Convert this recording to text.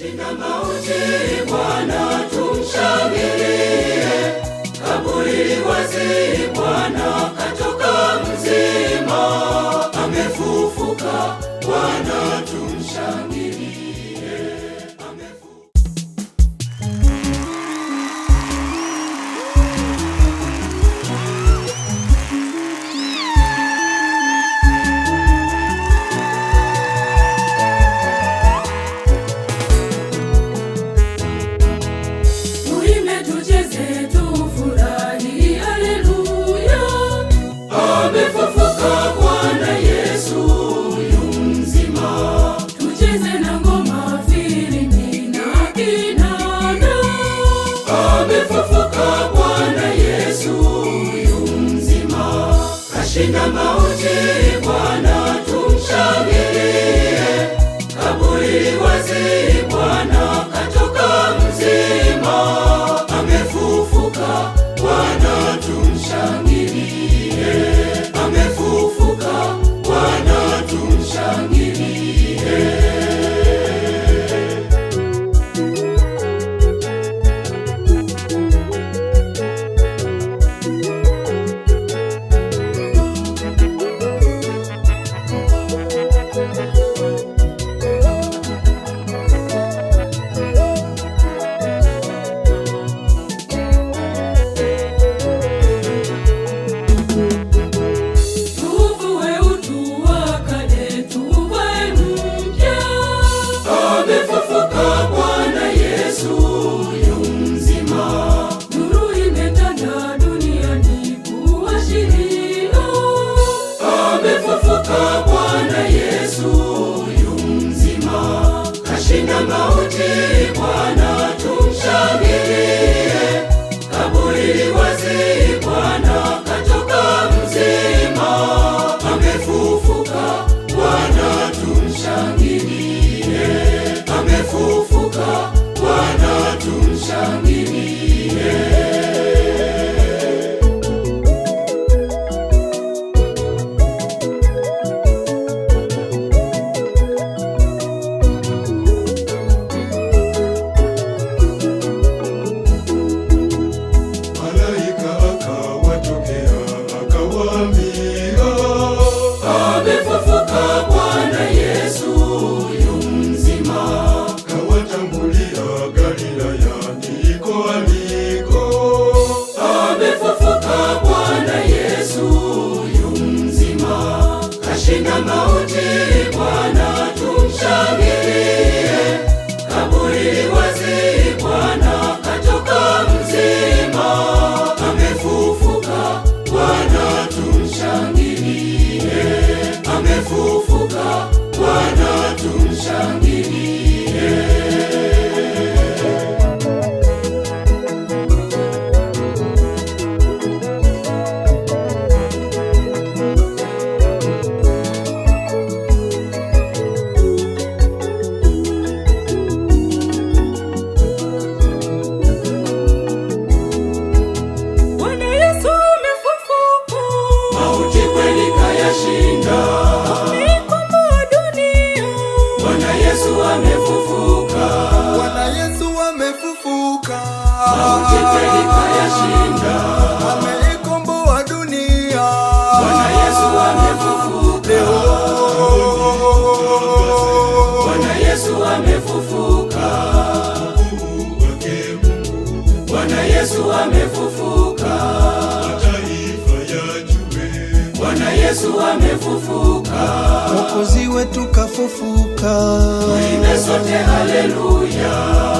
Shinda mauti Bwana tumshangilie, kaburi wazi na mão Bwana Yesu amefufuka, Bwana Yesu amefufuka, mauti kweli kayashinda Yesu amefufuka, Mwokozi wetu kafufuka. Tuimbe sote haleluya.